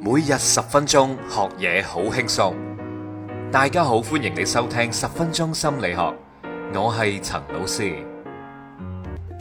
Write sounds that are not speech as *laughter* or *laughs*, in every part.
每日十分鐘學嘢好輕鬆，大家好，歡迎你收聽十分鐘心理學，我係陳老師。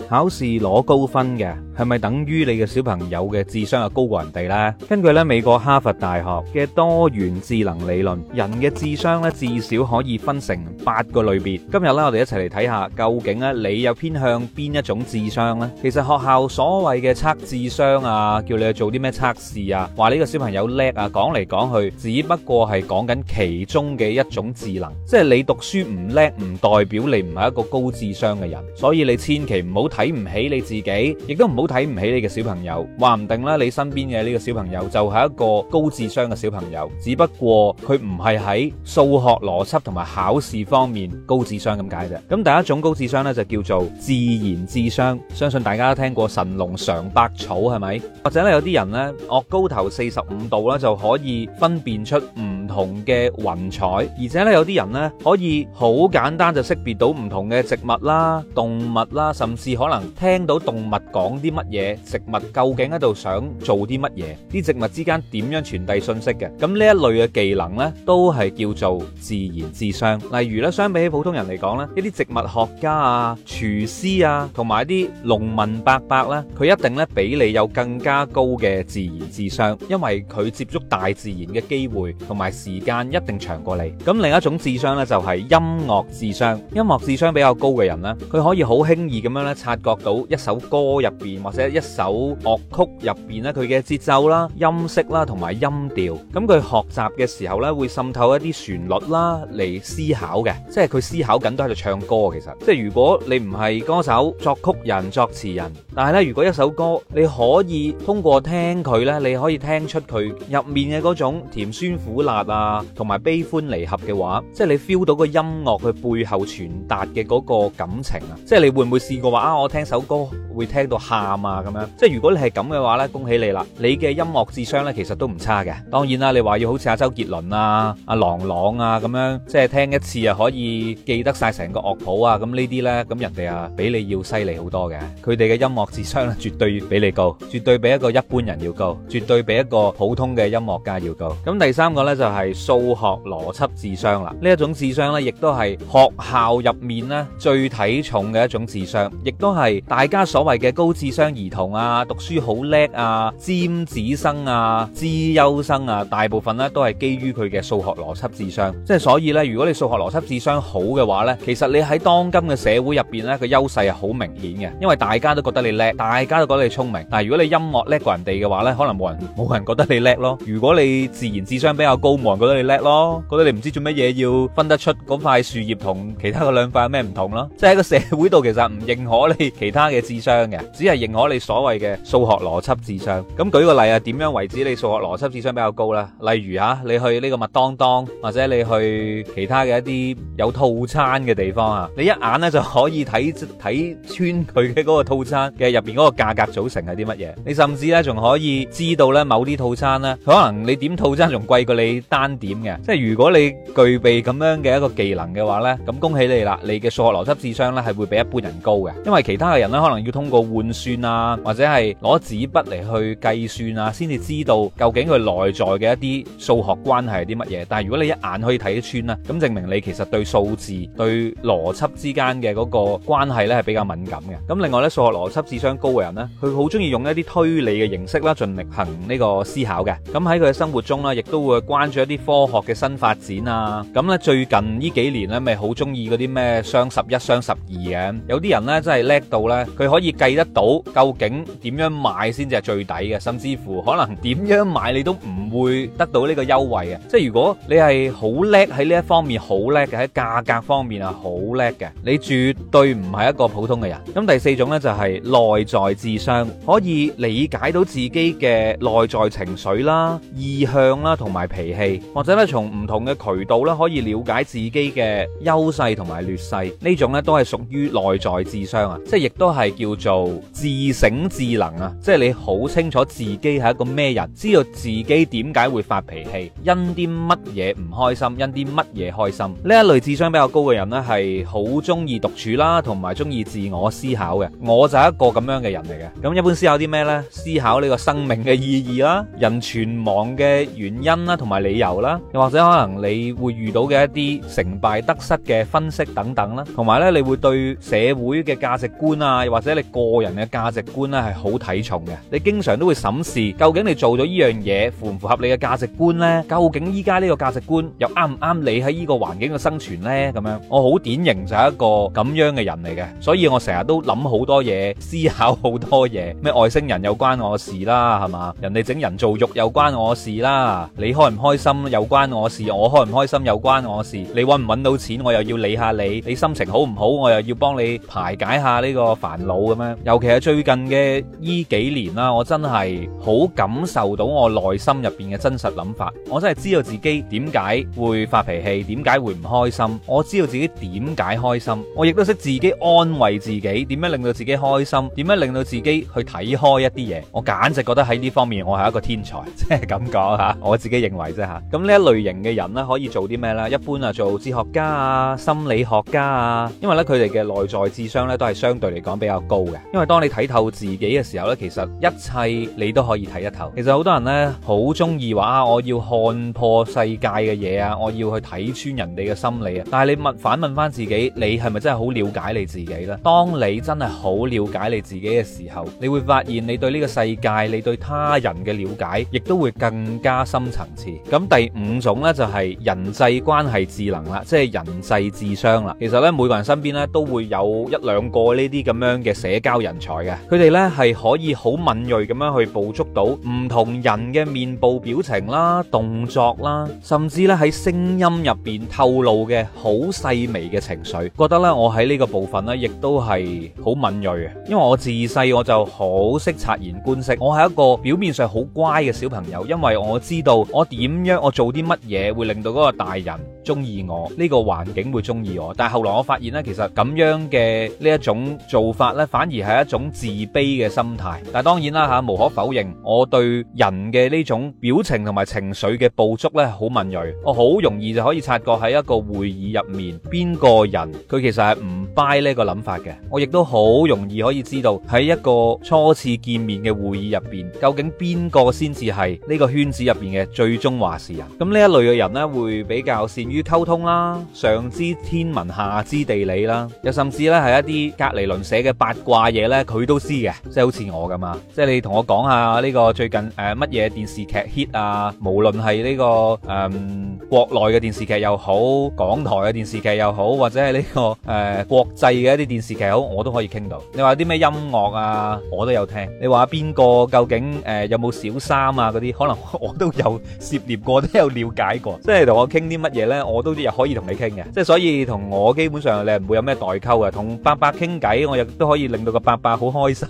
考試攞高分嘅，係咪等於你嘅小朋友嘅智商啊高過人哋呢？根據咧美國哈佛大學嘅多元智能理論，人嘅智商咧至少可以分成八個類別。今日咧我哋一齊嚟睇下，究竟咧你又偏向邊一種智商呢？其實學校所謂嘅測智商啊，叫你去做啲咩測試啊，話呢個小朋友叻啊，講嚟講去只不過係講緊其中嘅一種智能。即係你讀書唔叻唔代表你唔係一個高智商嘅人，所以你千祈唔好睇唔起你自己，亦都唔好睇唔起你嘅小朋友，話唔定咧，你身邊嘅呢個小朋友就係一個高智商嘅小朋友，只不過佢唔係喺數學邏輯同埋考試方面高智商咁解啫。咁第一種高智商咧就叫做自然智商，相信大家都聽過神農嘗百草係咪？或者咧有啲人咧，岳高頭四十五度咧就可以分辨出唔同嘅雲彩，而且咧有啲人咧可以好簡單就識別到唔同嘅植物啦、動物啦，甚至可能聽到動物講啲。乜嘢植物究竟喺度想做啲乜嘢？啲植物之間點樣傳遞信息嘅？咁呢一類嘅技能咧，都係叫做自然智商。例如咧，相比起普通人嚟講咧，一啲植物學家啊、廚師啊，同埋啲農民伯伯咧，佢一定咧比你有更加高嘅自然智商，因為佢接觸大自然嘅機會同埋時間一定長過你。咁另一種智商咧就係音樂智商。音樂智商比較高嘅人咧，佢可以好輕易咁樣咧察覺到一首歌入邊。或者一首樂曲入邊咧，佢嘅節奏啦、音色啦，同埋音調，咁佢學習嘅時候呢，會滲透一啲旋律啦嚟思考嘅，即係佢思考緊都喺度唱歌。其實，即係如果你唔係歌手、作曲人、作詞人。但係咧，如果一首歌你可以通過聽佢咧，你可以聽出佢入面嘅嗰種甜酸苦辣啊，同埋悲歡離合嘅話，即係你 feel 到個音樂佢背後傳達嘅嗰個感情啊，即係你會唔會試過話啊，我聽首歌會聽到喊啊咁樣？即係如果你係咁嘅話咧，恭喜你啦，你嘅音樂智商咧其實都唔差嘅。當然啦，你話要好似阿周杰倫啊、阿郎朗啊咁樣，即係聽一次就可以記得晒成個樂譜啊咁呢啲咧，咁人哋啊比你要犀利好多嘅，佢哋嘅音樂，智商啦，絕對比你高，絕對比一個一般人要高，絕對比一個普通嘅音樂家要高。咁第三個呢，就係數學邏輯智商啦。呢一種智商呢，亦都係學校入面咧最睇重嘅一種智商，亦都係大家所謂嘅高智商兒童啊，讀書好叻啊，尖子生啊，資優生啊，大部分咧都係基於佢嘅數學邏輯智商。即係所以呢，如果你數學邏輯智商好嘅話呢，其實你喺當今嘅社會入邊呢，個優勢係好明顯嘅，因為大家都覺得你。叻，大家都覺得你聰明。但係，如果你音樂叻過人哋嘅話呢，可能冇人冇人覺得你叻咯。如果你自然智商比較高，冇人覺得你叻咯，覺得你唔知做乜嘢要分得出嗰塊樹葉同其他嗰兩塊有咩唔同咯。即係喺個社會度，其實唔認可你其他嘅智商嘅，只係認可你所謂嘅數學邏輯智商。咁舉個例啊，點樣為止你數學邏輯智商比較高呢？例如啊，你去呢個麥當當或者你去其他嘅一啲有套餐嘅地方啊，你一眼呢就可以睇睇穿佢嘅嗰個套餐嘅。入邊嗰個價格組成係啲乜嘢？你甚至呢，仲可以知道呢某啲套餐呢，可能你點套餐仲貴過你單點嘅。即係如果你具備咁樣嘅一個技能嘅話呢，咁恭喜你啦！你嘅數學邏輯智商呢係會比一般人高嘅，因為其他嘅人呢，可能要通過換算啊，或者係攞紙筆嚟去計算啊，先至知道究竟佢內在嘅一啲數學關係係啲乜嘢。但係如果你一眼可以睇穿啦，咁證明你其實對數字對邏輯之間嘅嗰個關係呢係比較敏感嘅。咁另外呢，數學邏輯。智商高嘅人呢，佢好中意用一啲推理嘅形式啦，盡力行呢個思考嘅。咁喺佢嘅生活中咧，亦都會關注一啲科學嘅新發展啊。咁呢，最近呢幾年呢，咪好中意嗰啲咩雙十一、雙十二嘅。有啲人呢，真係叻到呢，佢可以計得到究竟點樣買先至係最抵嘅，甚至乎可能點樣買你都唔會得到呢個優惠啊。即係如果你係好叻喺呢一方面好叻嘅，喺價格方面係好叻嘅，你絕對唔係一個普通嘅人。咁第四種呢，就係。內在智商可以理解到自己嘅內在情緒啦、意向啦，同埋脾氣，或者咧從唔同嘅渠道咧可以了解自己嘅優勢同埋劣勢，呢種咧都係屬於內在智商啊，即係亦都係叫做自省智能啊，即係你好清楚自己係一個咩人，知道自己點解會發脾氣，因啲乜嘢唔開心，因啲乜嘢開心，呢一類智商比較高嘅人呢，係好中意獨處啦，同埋中意自我思考嘅，我就係一個。個咁樣嘅人嚟嘅，咁一般思考啲咩呢？思考呢個生命嘅意義啦，人存亡嘅原因啦，同埋理由啦，又或者可能你會遇到嘅一啲成敗得失嘅分析等等啦，同埋呢你會對社會嘅價值觀啊，又或者你個人嘅價值觀呢係好睇重嘅，你經常都會審視究竟你做咗呢樣嘢符唔符合你嘅價值觀呢？究竟依家呢個價值觀又啱唔啱你喺呢個環境嘅生存呢？咁樣我好典型就係一個咁樣嘅人嚟嘅，所以我成日都諗好多嘢。思考好多嘢，咩外星人又關我事啦，係嘛？人哋整人造肉又關我事啦，你開唔開心又關我事，我開唔開心又關我事，你揾唔揾到錢我又要理下你，你心情好唔好我又要幫你排解下呢個煩惱咁樣。尤其係最近嘅依幾年啦，我真係好感受到我內心入邊嘅真實諗法，我真係知道自己點解會發脾氣，點解會唔開心，我知道自己點解開心，我亦都識自己安慰自己，點樣令到自己開心。點樣令到自己去睇開一啲嘢？我簡直覺得喺呢方面我係一個天才，即係咁講吓，我自己認為啫吓。咁呢一類型嘅人呢，可以做啲咩呢？一般啊，做哲學家啊、心理學家啊，因為呢，佢哋嘅內在智商呢，都係相對嚟講比較高嘅。因為當你睇透自己嘅時候呢，其實一切你都可以睇得透。其實好多人呢，好中意話我要看破世界嘅嘢啊，我要去睇穿人哋嘅心理啊。但係你問反問翻自己，你係咪真係好了解你自己呢？當你真係好了解你。自己嘅時候，你會發現你對呢個世界、你對他人嘅了解，亦都會更加深層次。咁第五種呢就係人際關係智能啦，即係人際智商啦。其實呢每個人身邊呢都會有一兩個呢啲咁樣嘅社交人才嘅，佢哋呢係可以好敏銳咁樣去捕捉到唔同人嘅面部表情啦、動作啦，甚至咧喺聲音入邊透露嘅好細微嘅情緒。覺得呢我喺呢個部分呢亦都係好敏銳嘅，因為我。我自細我就好識察言觀色，我係一個表面上好乖嘅小朋友，因為我知道我點樣，我做啲乜嘢會令到嗰個大人中意我呢個環境會中意我，但係後來我發現咧，其實咁樣嘅呢一種做法咧，反而係一種自卑嘅心態，但係當然啦吓，無可否認我對人嘅呢種表情同埋情緒嘅捕捉咧，好敏銳，我好容易就可以察覺喺一個會議入面，邊個人佢其實係唔 buy 呢個諗法嘅。我亦都好容易可以知道喺一個初次見面嘅會議入邊，究竟邊個先至係呢個圈子入邊嘅最終話事人。咁呢一類嘅人咧，會比較善於。要溝通啦，上知天文下知地理啦，又甚至咧係一啲隔離鄰舍嘅八卦嘢咧，佢都知嘅，即係好似我咁啊！即係你同我講下呢個最近誒乜嘢電視劇 hit 啊，無論係呢、這個誒、嗯、國內嘅電視劇又好，港台嘅電視劇又好，或者係呢、這個誒、呃、國際嘅一啲電視劇好，我都可以傾到。你話啲咩音樂啊，我都有聽。你話邊個究竟誒、呃、有冇小三啊？嗰啲可能我都有涉獵過，都有了解過。即係同我傾啲乜嘢咧？我都啲又可以同你傾嘅，即係所以同我基本上你唔會有咩代溝嘅。同伯伯傾偈，我亦都可以令到個伯伯好開心。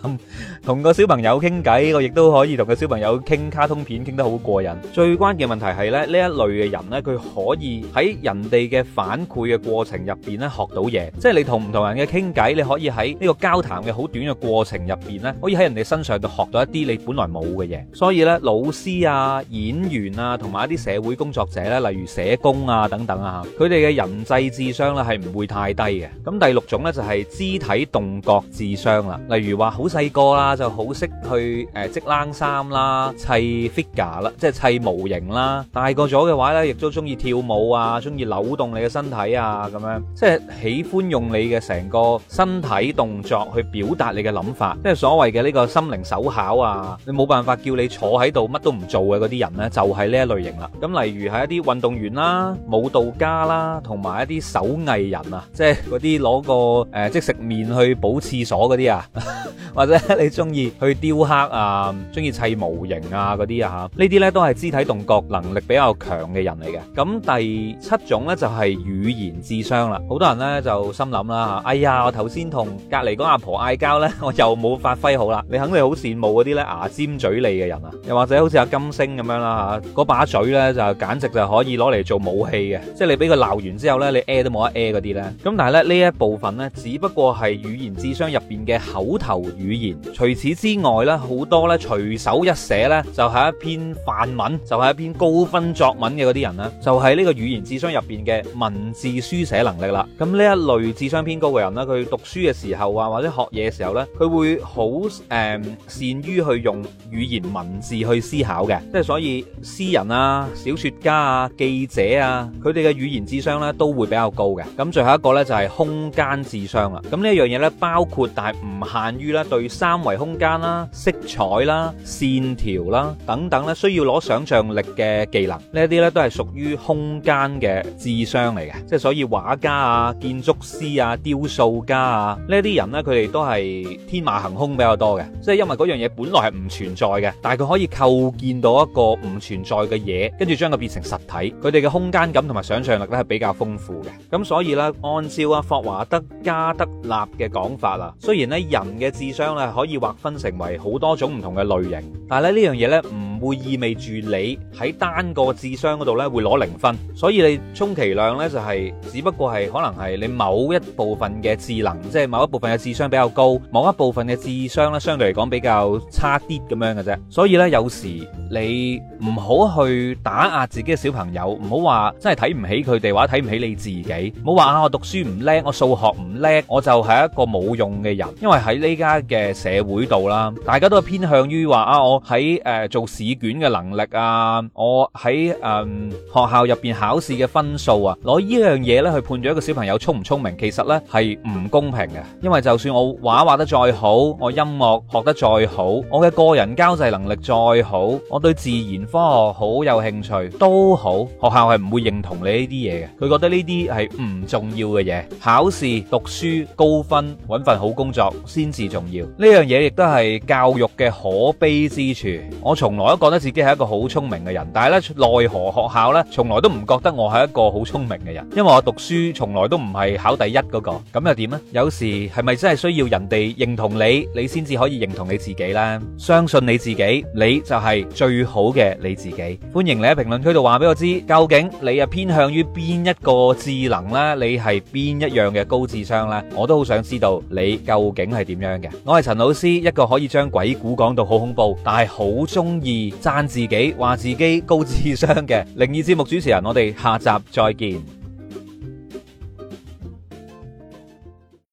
同 *laughs* 個小朋友傾偈，我亦都可以同個小朋友傾卡通片，傾得好過癮。最關鍵問題係咧，呢一類嘅人咧，佢可以喺人哋嘅反饋嘅過程入邊咧學到嘢。即係你同唔同人嘅傾偈，你可以喺呢個交談嘅好短嘅過程入邊咧，可以喺人哋身上度學到一啲你本來冇嘅嘢。所以咧，老師啊、演員啊，同埋一啲社會工作者咧，例如社工啊等等啊，佢哋嘅人際智商咧係唔會太低嘅。咁第六種咧就係肢體動覺智商啦，例如話好細個啦就好識去誒織冷衫啦、砌 figure 啦，即係砌模型啦。大個咗嘅話咧，亦都中意跳舞啊，中意扭動你嘅身體啊，咁樣即係喜歡用你嘅成個身體動作去表達你嘅諗法，即係所謂嘅呢個心靈手巧啊。你冇辦法叫你坐喺度乜都唔做嘅嗰啲人咧，就係呢一類型啦。咁例如係一啲運動員啦，冇。道家啦，同埋一啲手藝人啊，即係嗰啲攞個誒、呃，即食麵去補廁所嗰啲啊， *laughs* 或者你中意去雕刻啊，中意砌模型啊嗰啲啊吓，呢啲呢都係肢體動覺能力比較強嘅人嚟嘅。咁第七種呢，就係、是、語言智商啦。好多人呢就心諗啦哎呀，我頭先同隔籬嗰阿婆嗌交呢，我又冇發揮好啦。你肯定好羨慕嗰啲呢牙尖嘴利嘅人啊，又或者好似阿金星咁樣啦吓，嗰把嘴呢，就簡直就可以攞嚟做武器嘅。即係你俾佢鬧完之後、啊啊、呢，你 a 都冇得 a 嗰啲呢。咁但係咧呢一部分呢，只不過係語言智商入邊嘅口頭語言。除此之外呢，好多咧隨手一寫呢，就係、是、一篇範文，就係、是、一篇高分作文嘅嗰啲人呢，就係、是、呢個語言智商入邊嘅文字書寫能力啦。咁呢一類智商偏高嘅人呢，佢讀書嘅時候啊，或者學嘢嘅時候呢，佢會好誒、呃、善於去用語言文字去思考嘅。即係所以詩人啊、小說家啊、記者啊。佢哋嘅語言智商咧都會比較高嘅，咁最後一個咧就係空間智商啦。咁呢一樣嘢咧包括，但係唔限於咧對三維空間啦、色彩啦、線條啦等等咧需要攞想象力嘅技能，呢一啲咧都係屬於空間嘅智商嚟嘅。即係所以畫家啊、建築師啊、雕塑家啊呢啲人咧，佢哋都係天馬行空比較多嘅。即係因為樣嘢本來係唔存在嘅，但係佢可以構建到一個唔存在嘅嘢，跟住將佢變成實體。佢哋嘅空間感同。想象力，咧係比較豐富嘅，咁所以呢，按照阿霍華德加德納嘅講法啦，雖然呢，人嘅智商咧可以劃分成為好多種唔同嘅類型，但係呢樣嘢呢。唔。會意味住你喺單個智商嗰度呢，會攞零分，所以你充其量呢就係只不過係可能係你某一部分嘅智能，即係某一部分嘅智商比較高，某一部分嘅智商呢相對嚟講比較差啲咁樣嘅啫。所以呢，有時你唔好去打壓自己嘅小朋友，唔好話真係睇唔起佢哋，或者睇唔起你自己，唔好話啊我讀書唔叻，我數學唔叻，我就係一個冇用嘅人。因為喺呢家嘅社會度啦，大家都係偏向於話啊我喺誒做事。試卷嘅能力啊，我喺誒學校入邊考試嘅分數啊，攞呢樣嘢咧去判咗一個小朋友聰唔聰明，其實咧係唔公平嘅。因為就算我畫畫得再好，我音樂學得再好，我嘅個人交際能力再好，我對自然科學好有興趣都好，學校係唔會認同你呢啲嘢嘅。佢覺得呢啲係唔重要嘅嘢，考試、讀書、高分、搵份好工作先至重要。呢樣嘢亦都係教育嘅可悲之處。我從來覺得自己係一個好聰明嘅人，但係呢奈何學校呢從來都唔覺得我係一個好聰明嘅人，因為我讀書從來都唔係考第一嗰個，咁又點呢？有時係咪真係需要人哋認同你，你先至可以認同你自己呢？相信你自己，你就係最好嘅你自己。歡迎你喺評論區度話俾我知，究竟你係偏向於邊一個智能呢？你係邊一樣嘅高智商呢？我都好想知道你究竟係點樣嘅。我係陳老師，一個可以將鬼故講到好恐怖，但係好中意。讚自己，話自己高智商嘅靈異節目主持人，我哋下集再見。